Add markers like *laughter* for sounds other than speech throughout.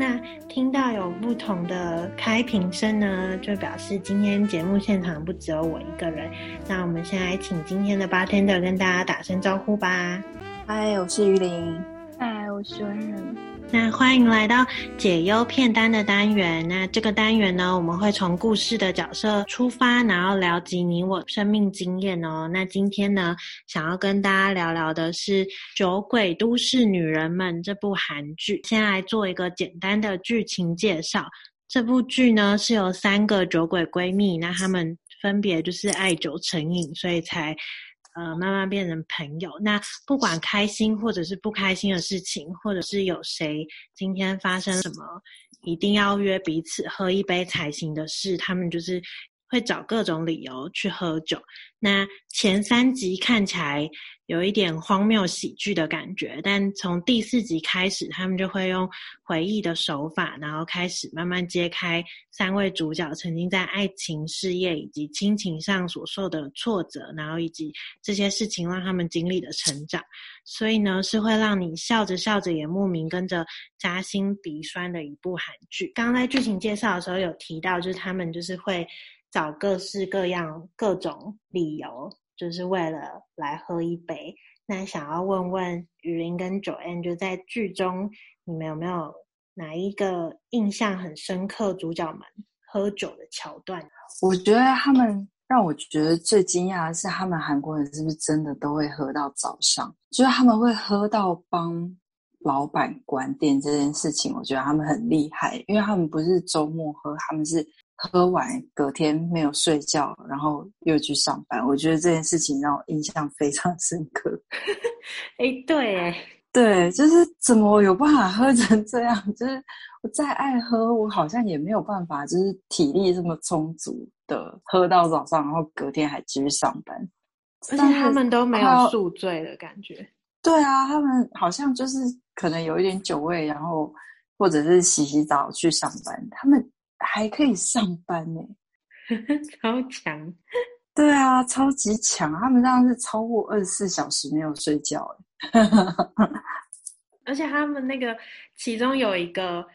那聽到有不同的開瓶聲呢，就表示今天節目現場不只有我一個人。那我們先來請今天的 bartender 跟大家打聲招呼吧。嗨，我是魚鱗。嗨，我是溫人。那歡迎來到解憂片單的單元。那這個單元呢，我們會從故事的角色出發，然後聊及你我生命經驗哦。那今天呢，想要跟大家聊聊的是《酒鬼都市女人們》這部韓劇。先來做一個簡單的劇情介紹。這部劇呢，是由三個酒鬼閨蜜，那她們分別就是愛酒成癮，所以才。呃，慢慢變成朋友。那不管開心或者是不開心的事情，或者是有誰今天發生什麼，一定要約彼此喝一杯才行的事，他們就是。會找各種理由去喝酒。那前三集看起來有一點荒謬喜劇的感覺，但從第四集開始，他們就會用回憶的手法，然後開始慢慢揭開三位主角曾經在愛情、事業以及親情上所受的挫折，然後以及這些事情讓他們經歷的成長。所以呢，是會讓你笑着笑着也莫名跟着扎心鼻酸的一部韓劇。剛在劇情介紹的時候有提到，就是他們就是會。找各式各樣各種理由，就是為了來喝一杯。那想要問問魚鱗跟喬安，就在劇中，你們有沒有哪一個印象很深刻？主角們喝酒的橋段？我覺得他們讓我覺得最驚訝的是，他們韓國人是不是真的都會喝到早上？就是他們會喝到幫老板關店這件事情，我覺得他們很厲害，因為他們不是周末喝，他們是。喝完隔天沒有睡覺，然後又去上班。我覺得這件事情讓我印象非常深刻。哎、 *laughs* 欸，對，對，就是怎麼有辦法喝成這樣？就是我再愛喝，我好像也沒有辦法，就是體力這麼充足的喝到早上，然後隔天還繼續上班但是。而且他們都沒有宿醉的感覺。對啊，他們好像就是可能有一點酒味，然後或者是洗洗澡去上班。他們。還可以上班呢， *laughs* 超強！對啊，超級強！他們這樣是超過二十四小時沒有睡覺 *laughs* 而且他們那個其中有一個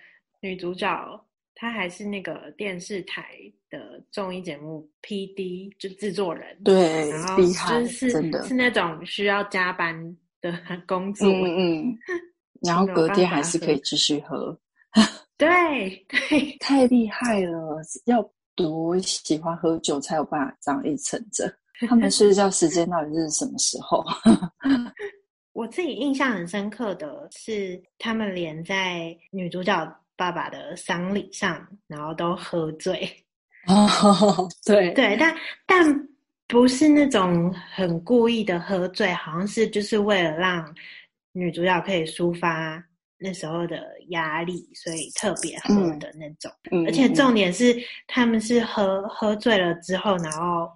女主角，她還是那個電視台的綜藝節目 PD，就製作人，對，然後、就是、厲害，真的，是那種需要加班的工作，嗯，嗯，然後隔天還是可以繼續喝。 *laughs* 對對，太厲害了！要多喜歡喝酒才有辦法這樣一層這他們睡覺時間到底是什麼時候？ *laughs* 、嗯？我自己印象很深刻的是，他們連在女主角爸爸的喪禮上，然後都喝醉。哦，對對，但但不是那種很故意的喝醉，好像是就是為了讓女主角可以抒發。那時候的壓力，所以特別喝的那種、嗯，而且重點是、嗯、他們是喝喝醉了之後，然後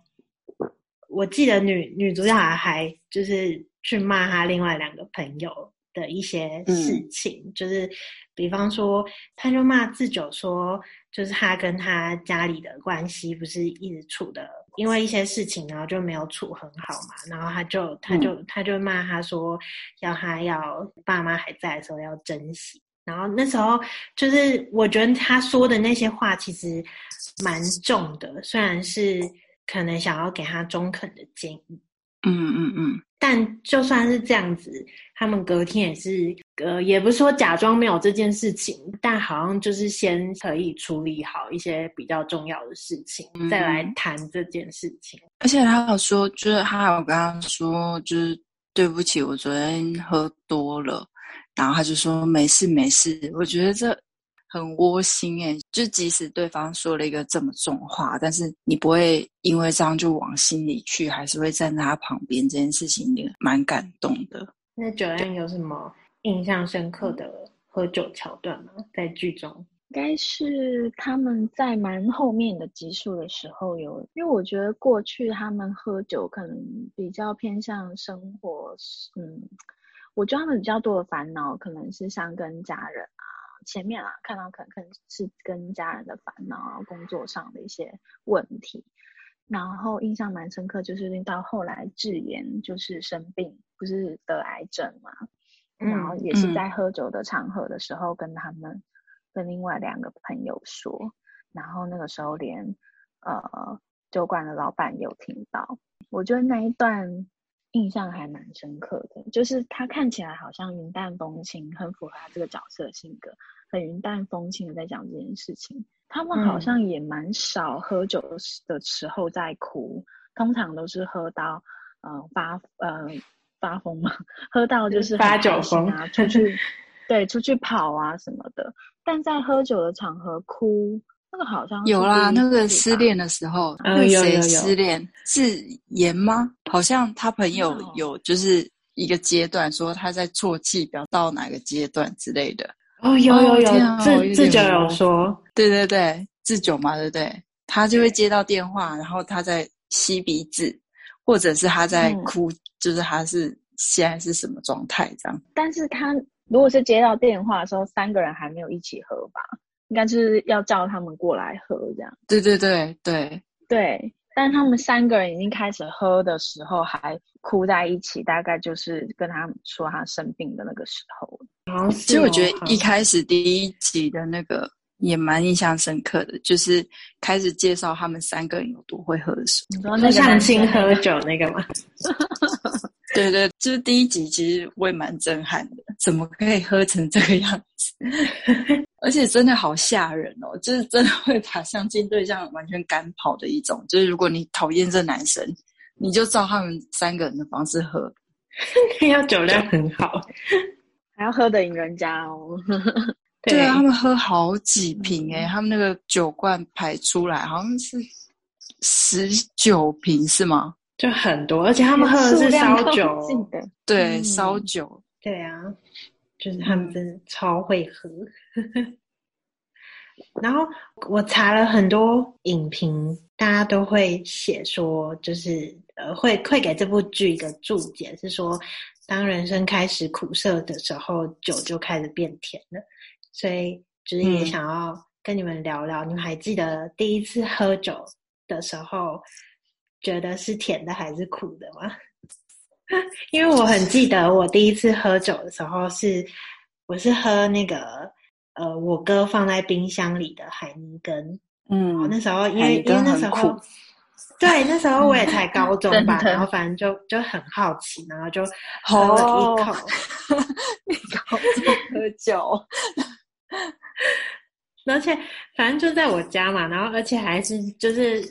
我記得女女主角還就是去罵她另外兩個朋友的一些事情，嗯、就是比方說，她就罵智久說，就是他跟他家裡的關係不是一直處的，因為一些事情，然後就沒有處很好嘛。然後他就他就他就罵他，他說，要他要爸媽還在的時候要珍惜。然後那時候就是我覺得他說的那些話其實蠻重的，雖然是可能想要給他中肯的建議，嗯嗯嗯，但就算是這樣子，他們隔天也是。呃，也不是說假裝沒有這件事情，但好像就是先可以處理好一些比較重要的事情，嗯、再來談這件事情。而且他有說，就是他有跟他說，就是對不起，我昨天喝多了。嗯、然後他就說沒事沒事。我覺得這很窩心耶，就即使對方說了一個這麼重的話，但是你不會因為這樣就往心裡去，還是會站在他旁邊。這件事情也蠻感動的。嗯、那喬安有什麼？印象深刻的喝酒橋段嗎？嗯、在劇中應該是他們在蠻後面的集數的時候有，因為我覺得過去他們喝酒可能比較偏向生活，嗯，我覺得他們比較多的煩惱可能是像跟家人啊，前面啊看到可能可能是跟家人的煩惱啊，工作上的一些問題，然後印象蠻深刻就是到後來智妍就是生病，不是得癌症嘛。然後也是在喝酒的場合的時候，跟他們跟另外兩個朋友說，嗯、然後那個時候連呃酒館的老板有聽到，我覺得那一段印象還蠻深刻的，就是他看起來好像雲淡風輕，很符合他這個角色性格，很雲淡風輕的在講這件事情。他們好像也蠻少喝酒的時候在哭，嗯、通常都是喝到嗯發嗯。呃發瘋嗎？喝到就是發酒瘋啊， *laughs* 出去，對，出去跑啊什麼的。但在喝酒的場合哭，那個好像有啦，啊。那個失戀的時候，有，嗯、誰失戀？是妍嗎？好像他朋友有，就是一個階段說他在啜泣，不要到哪個階段之類的。哦，有有有，有，啊有，自自酒有說，對對對，自酒嘛，對不對？他就會接到電話，然後他在吸鼻子。或者是他在哭、嗯，就是他是現在是什麼狀態這樣？但是他如果是接到電話的時候，三個人還沒有一起喝吧？應該是要叫他們過來喝這樣。對對對對對，但他們三個人已經開始喝的時候、嗯、還哭在一起，大概就是跟他們說他生病的那個時候。其實、哦、我覺得一開始第一集的那個。也蠻印象深刻的，就是開始介紹他們三個人有多會喝水。你知道那相親喝酒那個嗎？ *laughs* 對對，就是第一集，其實我也蠻震撼的，怎麼可以喝成這個樣子？ *laughs* 而且真的好嚇人哦，就是真的會把相親對象完全趕跑的一種。就是如果你討厭這男生，你就照他們三個人的方式喝， *laughs* 要酒量很好，還要喝得贏人家哦。 *laughs* 對啊，他們喝好幾瓶，欸嗯、他們那個酒罐排出來好像是十九瓶是嗎？就很多，而且他們喝的是燒酒。對，嗯，燒酒。對啊，就是他們真的超會喝。嗯、 *laughs* 然後我查了很多影評，大家都會寫說，就是呃會會給這部劇一個注解，是說當人生開始苦澀的時候，酒就開始變甜了。所以就是也想要跟你們聊聊。嗯，你們還記得第一次喝酒的時候，覺得是甜的還是苦的嗎？ *laughs* 因為我很記得我第一次喝酒的時候是，我是喝那個呃我哥放在冰箱裡的海尼根，嗯，我那時候因為因為那時候對那時候我也才高中吧， *laughs* 然後反正就就很好奇，然後就喝了一口，哦。 *laughs* 一口 *laughs* *laughs* 喝酒。 *laughs* 而且，反正就在我家嘛，然後而且還是就是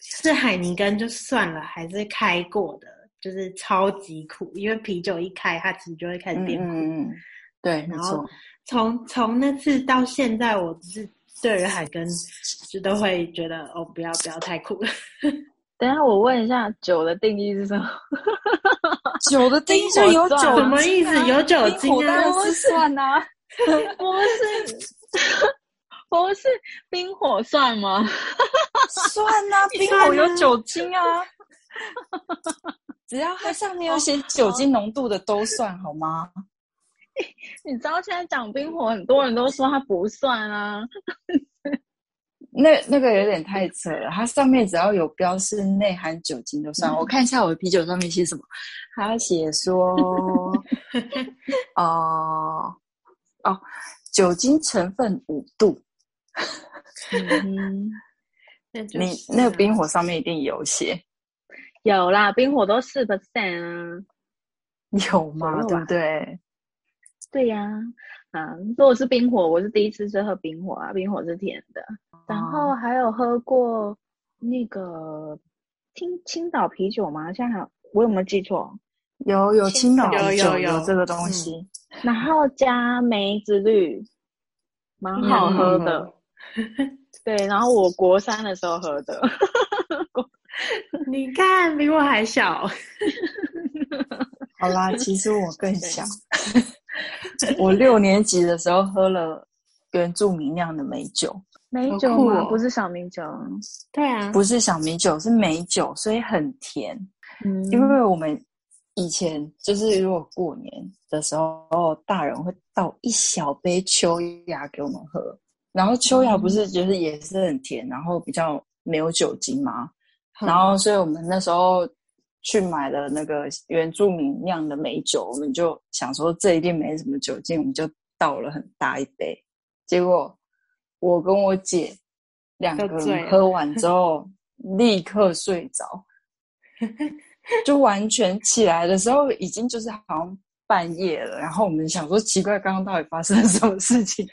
是海尼根，就算了，還是開過的，就是超級苦，因為啤酒一開，它其實就會開始變苦，嗯嗯。對。然後從從那次到現在，我就是對於海根就都會覺得哦，不要不要，太苦了。 *laughs* 等一下我問一下酒的定義是什麼？ *laughs* 酒的定義是有酒什麼意思，啊？有酒精啊？是算吶，啊。 *laughs* 我 *laughs* 們是，我們是冰火算嗎？ *laughs* 算啊，冰火有酒精啊， *laughs* 只要它上面有寫酒精濃度的都算好嗎？ *laughs* 你知道現在講冰火，很多人都說它不算啊。 *laughs* 那那個有點太扯了，它上面只要有標示內含酒精都算，嗯。我看一下我的啤酒上面寫什麼，它寫說哦。 *laughs* 呃哦，酒精成分五度。嗯， *laughs* 你那個冰火上面一定有寫。些，有啦，冰火都是4%啊，有嗎？對不對，對呀，啊，嗯，啊，如果是冰火，我是第一次喝冰火啊，冰火是甜的，嗯，然後還有喝過那個青青島啤酒嗎？想想我，我有沒有記錯？有有青島啤酒有這個東西。嗯然後加梅子綠，蠻好喝的。嗯、喝 *laughs* 對，然後我國三的時候喝的。 *laughs* 你看，比我還小。 *laughs* 好啦，其實我更小。我六年級的時候喝了原住民釀的梅酒。梅酒嗎？哦哦？不是小米酒。對啊。不是小米酒，是梅酒，所以很甜。嗯。因為我們。以前就是，如果過年的時候，大人會倒一小杯秋雅給我們喝。然後秋雅不是就是也是很甜、嗯，然後比較沒有酒精嗎、嗯？然後所以我們那時候去買了那個原住民釀的梅酒，我們就想說這一定沒什麼酒精，我們就倒了很大一杯。結果我跟我姐兩個人喝完之後， *laughs* 立刻睡着。 *laughs* *laughs* 就完全起來的時候，已經就是好像半夜了。然後我們想說，奇怪，剛剛到底發生了什麼事情？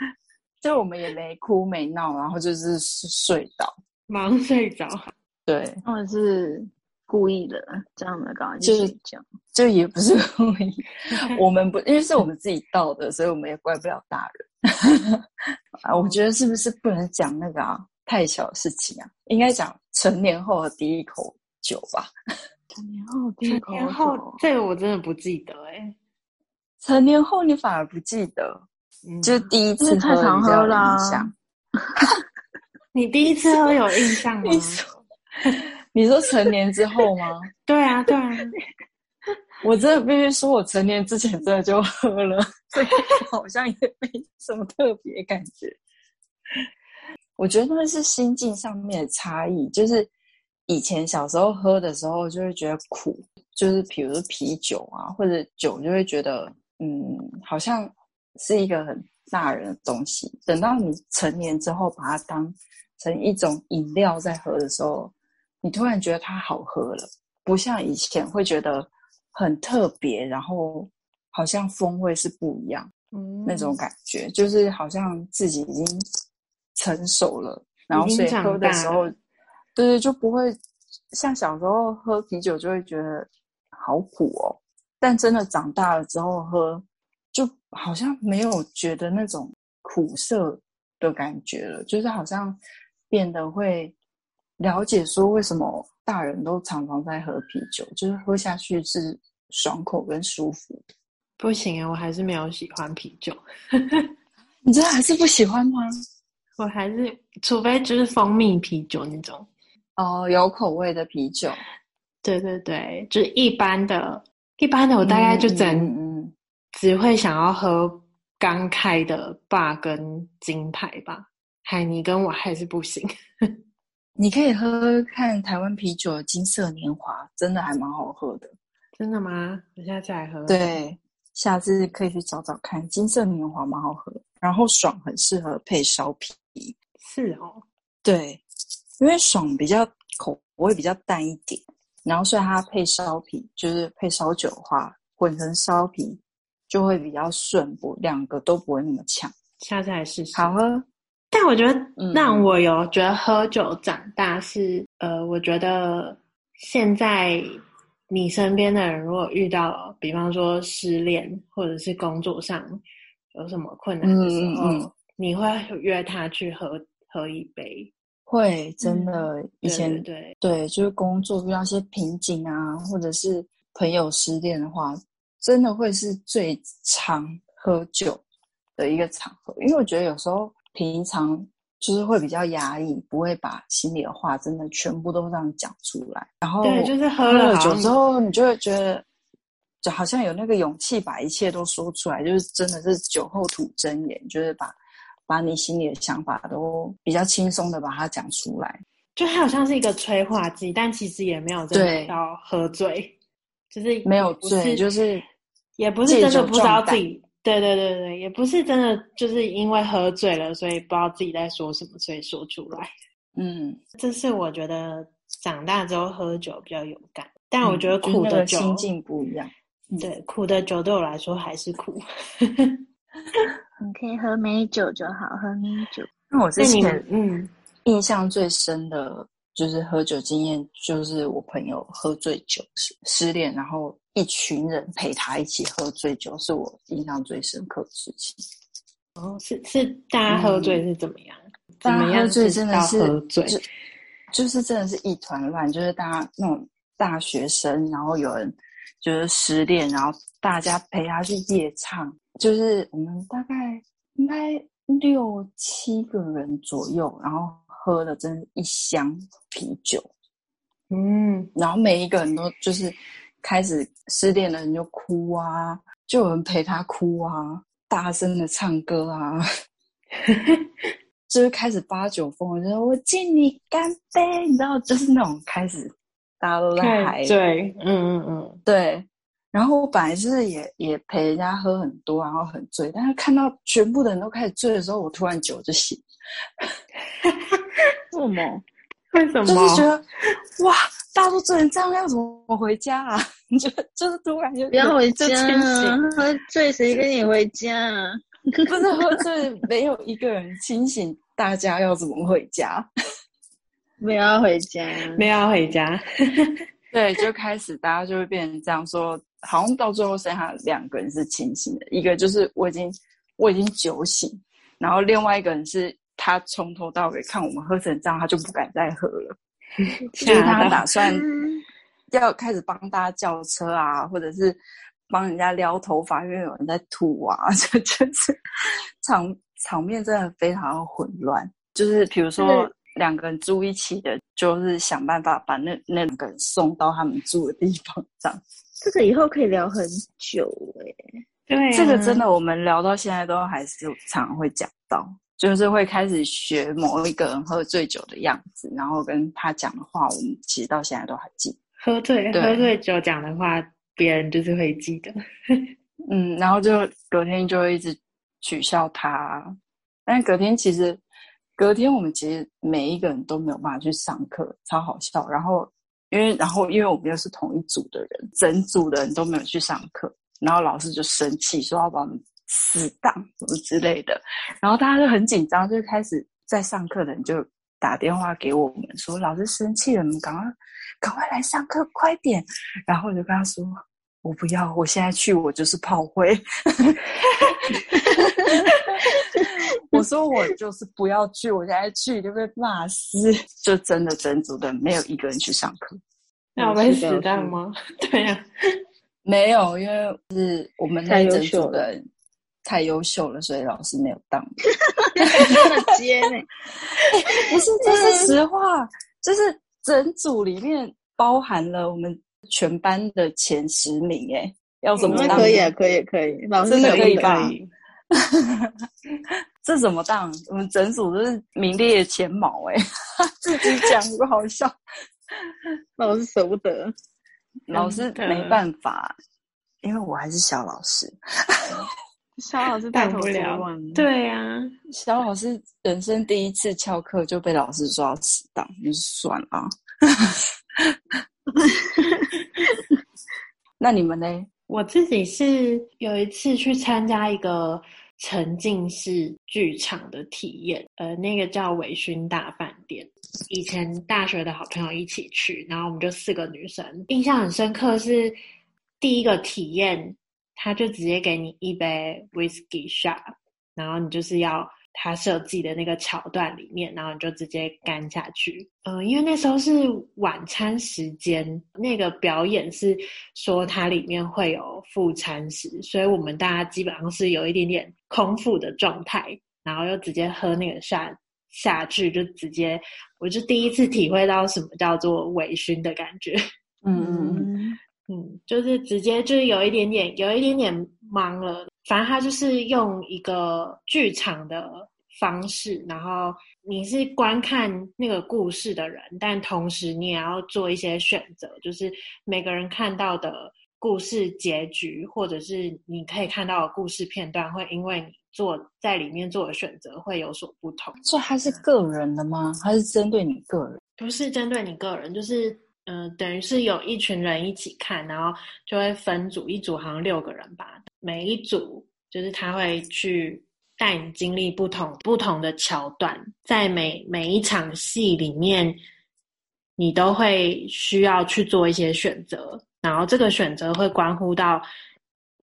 *laughs* 就我們也沒哭沒鬧，然後就是睡着，忙睡着。對，或、哦、者是故意的，這樣的搞，剛剛就是講，就也不是故意。Okay. 我們不因為是我們自己倒的，所以我們也怪不了大人。 *laughs* 我覺得是不是不能講那個啊？太小的事情啊，應該講成年後的第一口。酒吧，成年後口口，成年後，這個我真的不記得哎、欸。成年後，你反而不記得，嗯、就第一次喝，太常喝，有哈哈，你第一次喝有印象嗎？你說，你說，你說成年之後嗎？ *laughs* 對啊，對啊。我真的必須說我成年之前真的就喝了，所以好像也沒什麼特別感覺。我覺得他們是心境上面的差異，就是。以前小時候喝的時候，就會覺得苦，就是比如說啤酒啊或者酒，就會覺得嗯，好像是一個很大人的東西。等到你成年之後，把它當成一種飲料在喝的時候，你突然覺得它好喝了，不像以前會覺得很特別，然後好像風味是不一樣。嗯，那種感覺，就是好像自己已經成熟了，然後所以喝的時候。對對，就不會像小時候喝啤酒就會覺得好苦哦。但真的長大了之後喝，就好像沒有覺得那種苦澀的感覺了，就是好像變得會了解說為什麼大人都常常在喝啤酒，就是喝下去是爽口跟舒服。不行啊，我還是沒有喜歡啤酒。 *laughs* 你真的還是不喜歡嗎？我還是除非就是蜂蜜啤酒那種。哦，有口味的啤酒，對對對，就是一般的，一般的我大概就只、嗯嗯、只會想要喝剛開的霸跟金牌吧，海尼跟我還是不行。 *laughs* 你可以喝看台灣啤酒金色年華，真的還蠻好喝的。真的嗎？我等下再喝。對，下次可以去找找看金色年華，蠻好喝。然後爽很適合配燒皮，是哦？對。因為爽比較口，會比較淡一點。然後，所以它配燒啤，就是配燒酒的話，混成燒啤就會比較順，不兩個都不會那麼嗆。下次還是好喝。但我覺得讓、嗯嗯、我有覺得喝酒長大是，呃，我覺得現在你身邊的人如果遇到，比方說失戀或者是工作上有什麼困難的時候，嗯嗯，你會約他去喝喝一杯。會真的以前對對，就是工作遇到一些瓶頸啊，或者是朋友失戀的話，真的會是最常喝酒的一個場合。因為我覺得有時候平常就是會比較壓抑，不會把心裡的話真的全部都這樣講出來。然後對，就是喝了酒之後，你就會覺得就好像有那個勇氣把一切都說出來，就是真的是酒後吐真言，就是把。把你心裡的想法都比較輕鬆的把它講出來，就它好像是一個催化劑，但其實也沒有真的要喝醉，就是沒有醉，就是也不是，也不是真的不知道自己，對對對對，也不是真的就是因為喝醉了，所以不知道自己在說什麼，所以說出來。嗯，這是我覺得長大之後喝酒比較勇敢，但我覺得、嗯、苦的酒心境不一樣，嗯、對苦的酒對我來說還是苦。 *laughs* 你可以喝美酒就好，喝美酒。那我之前，嗯，印象最深的就是喝酒經驗，就是我朋友喝醉酒失失戀，然後一群人陪他一起喝醉酒，是我印象最深刻的事情。哦，是是，大家喝醉是怎麼樣？嗯、怎麼樣，大家喝醉真的是，是喝醉就，就是真的是一團亂，就是大家那種大學生，然後有人就是失戀，然後大家陪他去夜唱。就是我們、嗯、大概應該六七個人左右，然後喝的真是一箱啤酒，嗯，然後每一個人都就是開始失戀的人就哭啊，就有人陪他哭啊，大聲的唱歌啊， *laughs* 就是開始發， *laughs* 發酒瘋，我就是我敬你乾杯，你知道，就是那種開始，大家都在嗨，對，嗯嗯嗯，對。然後我本來就是也也陪人家喝很多，然後很醉。但是看到全部的人都開始醉的時候，我突然酒就醒了。為什麼？為什麼？就是覺得 *laughs* 哇，大家都醉成這樣，要怎麼回家啊？你覺得就是突然就不要回家了，清醒了醉誰跟你回家啊？ *laughs* 不知道醉沒有一個人清醒，大家要怎麼回家？ *laughs* 沒有要回家，沒有要回家。 *laughs* *laughs* 對，就開始大家就會變成這樣說。好像到最後剩下兩個人是清醒的，一個就是我已經我已經酒醒，然後另外一個人是他從頭到尾看我們喝成這樣，他就不敢再喝了。天啊、 *laughs* 就是他們打算要開始幫大家叫車啊，或者是幫人家撩頭髮，因為有人在吐啊，就真是場場面真的非常混亂。就是比如說兩個人住一起的，就是想辦法把那那兩個人送到他們住的地方，這樣。這個以後可以聊很久欸，對啊，這個真的，我們聊到現在都還是常常會講到，就是會開始學某一個人喝醉酒的樣子，然後跟他講的話，我們其實到現在都還記得。喝醉喝醉酒講的話，別人就是會記得。 *laughs* 嗯，然後就隔天就會一直取笑他，但是隔天其實，隔天我們其實每一個人都沒有辦法去上課，超好笑。然後。因為然後，因為我們又是同一組的人，整組的人都沒有去上課，然後老師就生氣，說要把我們死當什麼之類的，然後大家就很緊張，就開始在上課的人就打電話給我們說老師生氣了，你們趕快，趕快來上課快點，然後我就跟他說。我不要，我現在去我就是炮灰。 *laughs* *laughs* 我說我就是不要去，我現在去就被罵死，就真的整組的沒有一個人去上課。那我們沒死當嗎？對呀、啊，沒有，因為是我們那整組的太優，太優秀了，所以老師沒有當。真 *laughs* 接 *laughs* 不是，這、就是實話，就是整組裡面包含了我們。全班的前十名哎、欸，要怎麼當、嗯可啊？可以啊，可以，可以，老師真的可以吧？可以可以 *laughs* 這怎麼當？我們整組都是名列前茅哎、欸，自己講不好笑。老師捨不得，老師沒辦法，因為我還是小老師。小老師帶頭聊，聊，對呀、啊，小老師人生第一次翹課就被老師抓遲到，到，那算了啊。 *laughs* *laughs* 那你們呢？我自己是有一次去參加一個沉浸式劇場的體驗，呃，那個叫《微醺大飯店》。以前大學的好朋友一起去，然後我們就四個女生，印象很深刻是第一個體驗，他就直接給你一杯 whisky shot，然後你就是要。他設計的那個橋段裡面，然後你就直接乾下去。嗯、呃，因為那時候是晚餐時間，那個表演是說它裡面會有副餐食，所以我們大家基本上是有一點點空腹的狀態，然後又直接喝那個下下去，就直接我就第一次體會到什麼叫做微醺的感覺。嗯嗯嗯，就是直接就是有一點點，有一點點懵了。反正他就是用一個劇場的方式，然後你是觀看那個故事的人，但同時你也要做一些選擇，就是每個人看到的故事結局，或者是你可以看到的故事片段，會因為你做在裡面做的選擇會有所不同。所以它是個人的嗎？它是針對你個人？不是針對你個人，就是嗯、呃，等於是有一群人一起看，然後就會分組，一組好像六個人吧。每一組就是他會去帶你經歷不同，不同的橋段，在每每一場戲裡面，你都會需要去做一些選擇，然後這個選擇會關乎到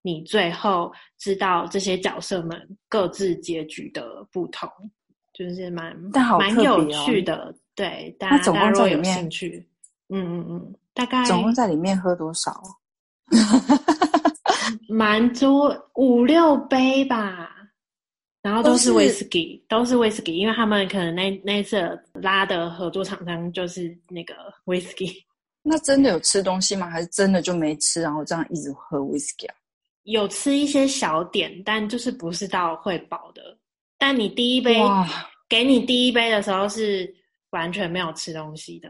你最後知道這些角色們各自結局的不同，就是蠻蠻、哦、有趣的，對大家。如果有興趣，嗯嗯嗯，大概總共在裡面喝多少？ *laughs* .滿足五六杯吧，然後都是威士忌，都是，都是威士忌，因為他們可能那那一次拉的合作廠商就是那個威士忌。那真的有吃東西嗎？還是真的就沒吃，然後這樣一直喝威士忌啊？有吃一些小點，但就是不是到會飽的。但你第一杯給你第一杯的時候是完全沒有吃東西的。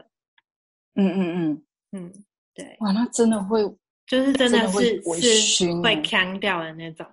嗯嗯嗯嗯，對。哇，那真的會。就是真的是真的會是會嗆掉的那種，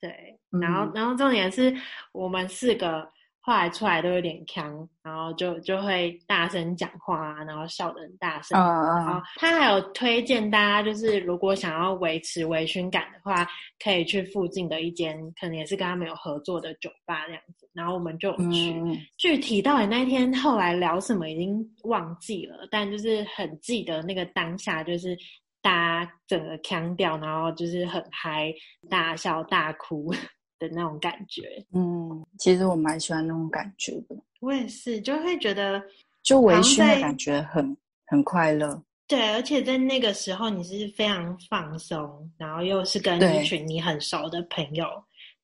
對。然後然後重點是我們四個後來出來都有點嗆，然後就就會大聲講話、啊、然後笑得很大聲。他還有推薦大家，就是如果想要維持微醺感的話，可以去附近的一間，可能也是跟他們有合作的酒吧這樣子。然後我們就去，具體到底那天後來聊什麼已經忘記了，但就是很記得那個當下就是。大家整個腔調，然後就是很嗨，大笑大哭的那種感覺。嗯，其實我蠻喜歡那種感覺的。我也是，就會覺得就微醺的感覺很很快樂。對，而且在那個時候，你是非常放鬆，然後又是跟一群你很熟的朋友，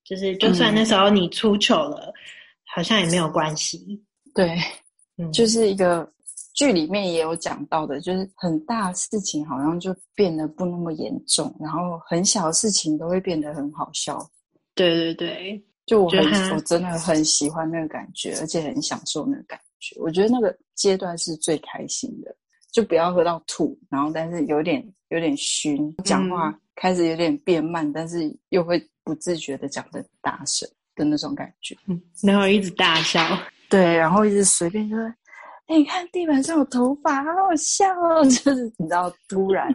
就是就算那時候你出糗了、嗯，好像也沒有關係。對、嗯，就是一個。劇裡面也有講到的，就是很大事情好像就變得不那麼嚴重，然後很小的事情都會變得很好笑。對對對，就我很我真的很喜歡那個感覺，而且很享受那個感覺。我覺得那個階段是最開心的，就不要喝到吐，然後但是有點有點醺，講話開始有點變慢，嗯、但是又會不自覺地講得大聲的那種感覺，然後一直大笑，對，然後一直隨便就是。欸，你看地板上有頭髮，好好笑哦！就是你知道，突然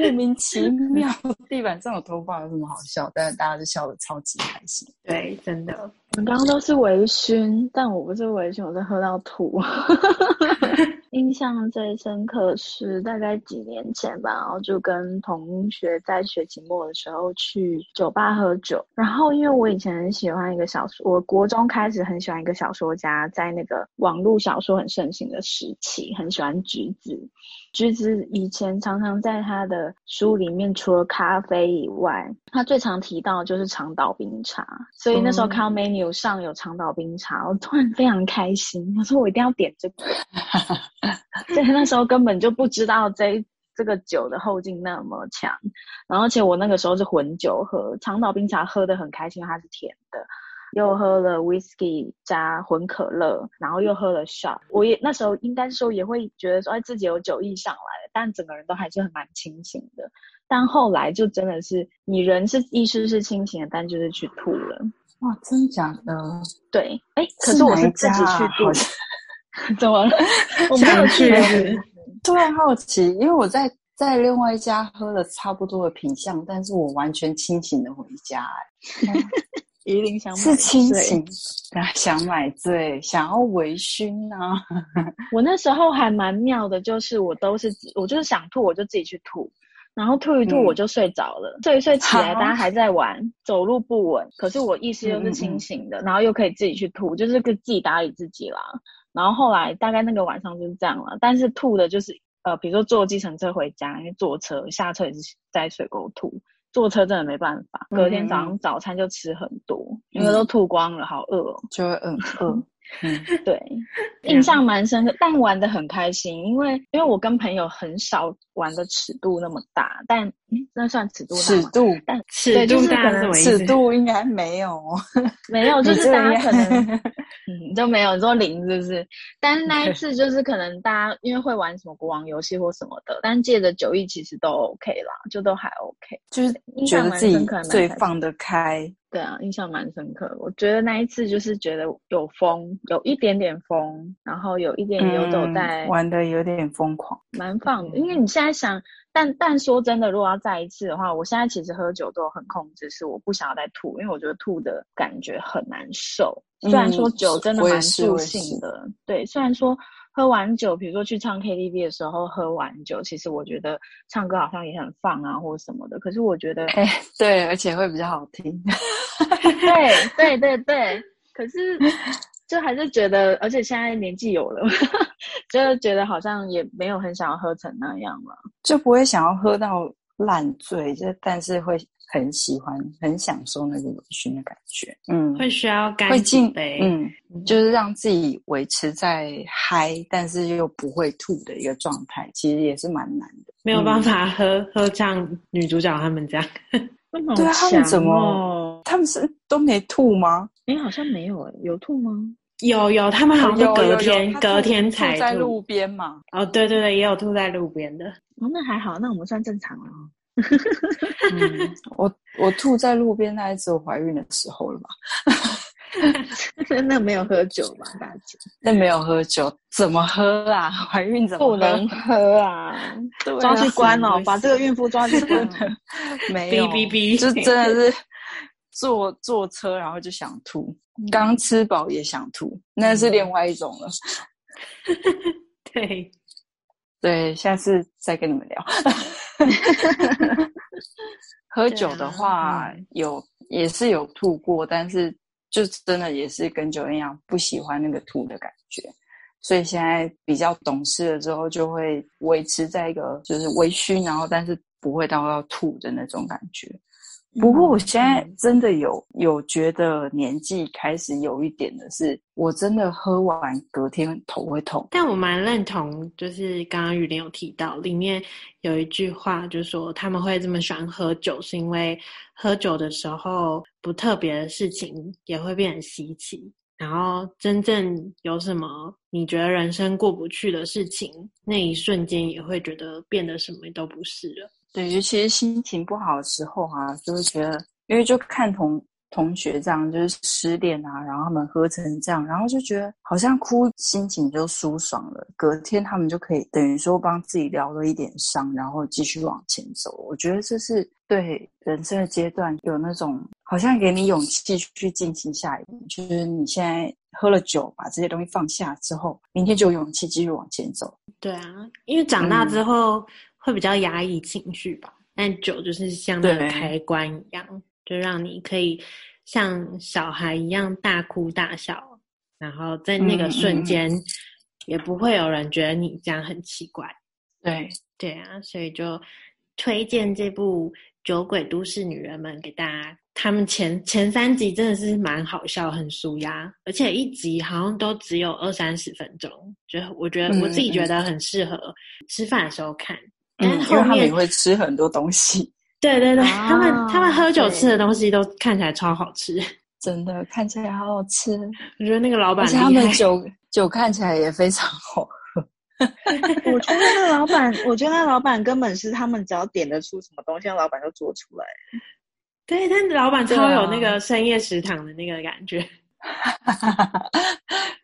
莫名其妙，地板上有頭髮有什麼好笑？但是大家都笑得超級開心。對，真的，我們剛剛都是微醺，但我不是微醺，我在喝到吐。 *laughs* 印象最深刻是大概幾年前吧，然後就跟同學在學期末的時候去酒吧喝酒，然後因為我以前很喜歡一個小說，我國中開始很喜歡一個小說家，在那個網絡小說很盛行的時期，很喜歡橘子。橘子以前常常在他的書裡面，除了咖啡以外，他最常提到的就是長島冰茶。所以那時候看 Menu 上有長島冰茶，我突然非常開心，我說我一定要點這個。 *laughs* 所以那時候根本就不知道這這個酒的後勁那麼強，然後而且我那個時候是混酒喝長島冰茶，喝的很開心，因為它是甜的。又喝了 whiskey 加混可樂，然後又喝了 shot，我也那時候應該說也會覺得說，哎，自己有酒意上來了，但整個人都還是很蠻清醒的。但後來就真的是你人是意識是清醒的，但就是去吐了。哇，真假的？對，哎，可是我是自己去吐的，啊、 *laughs* 怎麼了？我沒有去。突然好奇，因為我在在另外一家喝了差不多的品相，但是我完全清醒的回家，欸。嗯 *laughs* 魚鱗想買醉，是清醒對？想買醉，想要微醺呢、啊。我那時候還蠻妙的，就是我都是我就是想吐，我就自己去吐，然後吐一吐我就睡着了、嗯，睡一睡起來大家還在玩，走路不穩，可是我意識又是清醒的嗯嗯，然後又可以自己去吐，就是自己打理自己啦。然後後來大概那個晚上就是這樣了，但是吐的就是呃，比如說坐計程車回家，因為坐車下車也是在水溝吐。坐車真的沒辦法，隔天早上早餐就吃很多，嗯、因為都吐光了，好餓哦，就會餓 *laughs* 嗯、 *laughs* 對，印象蠻深的，嗯，但玩的很開心，因為因為我跟朋友很少玩的尺度那麼大，但，欸，那算尺度大，尺度，但尺度大，就是？尺度應該沒有， *laughs* 沒有，就是大家可能，都，嗯，沒有你說零是，不是，但是那一次就是可能大家因為會玩什麼國王遊戲或什麼的，但借着酒意其實都 OK 啦，就都還 OK，就是覺得自己最放得開。對啊，印象蠻深刻。我覺得那一次就是覺得有風，有一點點風，然後有一點遊走在。玩得有點瘋狂，蠻、嗯、放的。因為你現在想，但但說真的，如果要再一次的話，我現在其實喝酒都很控制，是我不想要再吐，因為我覺得吐的感覺很難受。嗯、雖然說酒真的蠻助興的也是也是，對，雖然說。喝完酒，比如說去唱 KTV 的時候，喝完酒，其實我覺得唱歌好像也很放啊，或者什麼的。可是我覺得，哎、欸，對，而且會比較好聽。 *laughs* 對對對對，可是就還是覺得，而且現在年紀有了，就覺得好像也沒有很想要喝成那樣了，就不會想要喝到。爛醉就，但是會很喜歡、很享受那個微醺的感覺，嗯，會需要乾淨、嗯，嗯，就是讓自己維持在嗨，但是又不會吐的一個狀態，其實也是蠻難的，沒有辦法喝、嗯、喝像女主角他們這樣， *laughs* 哦、對啊，他們怎麼？他們是都沒吐嗎？誒，好像沒有誒，有吐嗎？有有，他們好像隔天隔天才吐，吐在路邊嘛。哦，對對對，也有吐在路邊的。哦，那還好，那我們算正常了。 *laughs* 嗯、我我吐在路邊那一次，我懷孕的時候了吧？真 *laughs* 的 *laughs* 沒有喝酒吧？大姐？那沒有喝酒，怎麼喝啊？懷孕怎麼喝？不能喝啊？抓去關了、喔，把這個孕婦抓去關了。 *laughs* 沒有， *laughs* 就真的是 *laughs* 坐坐車，然後就想吐，剛、嗯、吃飽也想吐、嗯，那是另外一種了。 *laughs* 對。對，下次再跟你們聊。 *laughs* *laughs* 喝酒的話，啊嗯、有也是有吐過，但是就真的也是跟酒一樣，不喜歡那個吐的感覺。所以現在比較懂事了之後，就會維持在一個就是微醺，然後但是不會到要吐的那種感覺。不過我現在真的有有覺得年紀開始有一點的是，我真的喝完隔天頭會痛。但我蠻認同，就是剛剛魚鱗有提到裡面有一句話，就是說他們會這麼喜歡喝酒，是因為喝酒的時候不特別的事情也會變得稀奇，然後真正有什麼你覺得人生過不去的事情，那一瞬間也會覺得變得什麼都不是了。對，尤其是心情不好的時候啊，就會覺得，因為就看同同學這樣，就是失戀啊，然後他們喝成這樣，然後就覺得好像哭，心情就舒爽了。隔天他們就可以等於說幫自己療了一點傷，然後繼續往前走。我覺得這是對人生的階段有那種好像給你勇氣去進行下一步，就是你現在喝了酒，把這些東西放下之後，明天就有勇氣繼續往前走。對啊，因為長大之後。嗯會比較壓抑情緒吧，但酒就是像那個開關一樣，就讓你可以像小孩一樣大哭大笑，然後在那個瞬間也不會有人覺得你這樣很奇怪。嗯、對對啊，所以就推薦這部《酒鬼都市女人們》給大家。他們前前三集真的是蠻好笑，很舒壓，而且一集好像都只有二三十分鐘，就我覺得我自己覺得很適合吃飯的時候看。嗯嗯、因為他們也會吃很多東西，嗯、對對對，哦、他們他們喝酒吃的東西都看起來超好吃，真的看起來好好吃。我覺得那個老闆，他們酒酒看起來也非常好喝。 *laughs* 我覺得那個老、 *laughs* 老闆，我覺得那老闆根本是他們只要點得出什麼東西，老闆就做出來。對，但老闆超有那個深夜食堂的那個感覺。哈哈哈哈哈！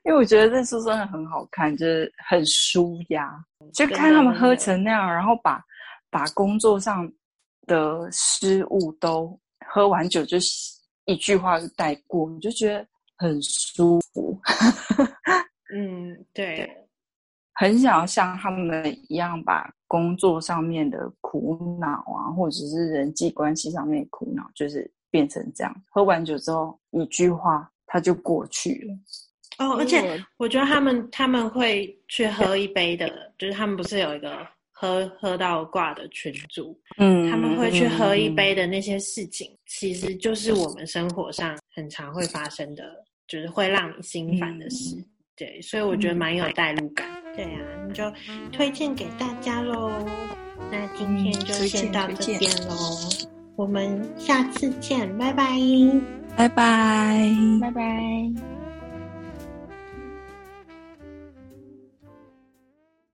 因為我覺得這書真的很好看，就是很舒壓。就看他們喝成那樣，然後把把工作上的失誤都喝完酒就一句話帶過，你就覺得很舒服。 *laughs* 嗯，對，很想像他們一樣，把工作上面的苦惱啊，或者是人際關係上面的苦惱，就是變成這樣，喝完酒之後一句話。他就過去了哦，而且我覺得他們他們會去喝一杯的，就是他們不是有一個喝喝到掛的群組，嗯，他們會去喝一杯的那些事情，嗯，其實就是我們生活上很常會發生的，就是會讓你心煩的事，嗯。對，所以我覺得蠻有代入感，嗯。對啊，你就推薦給大家嘍。那今天就先到這邊嘍，我們下次見，拜拜。拜拜，拜拜。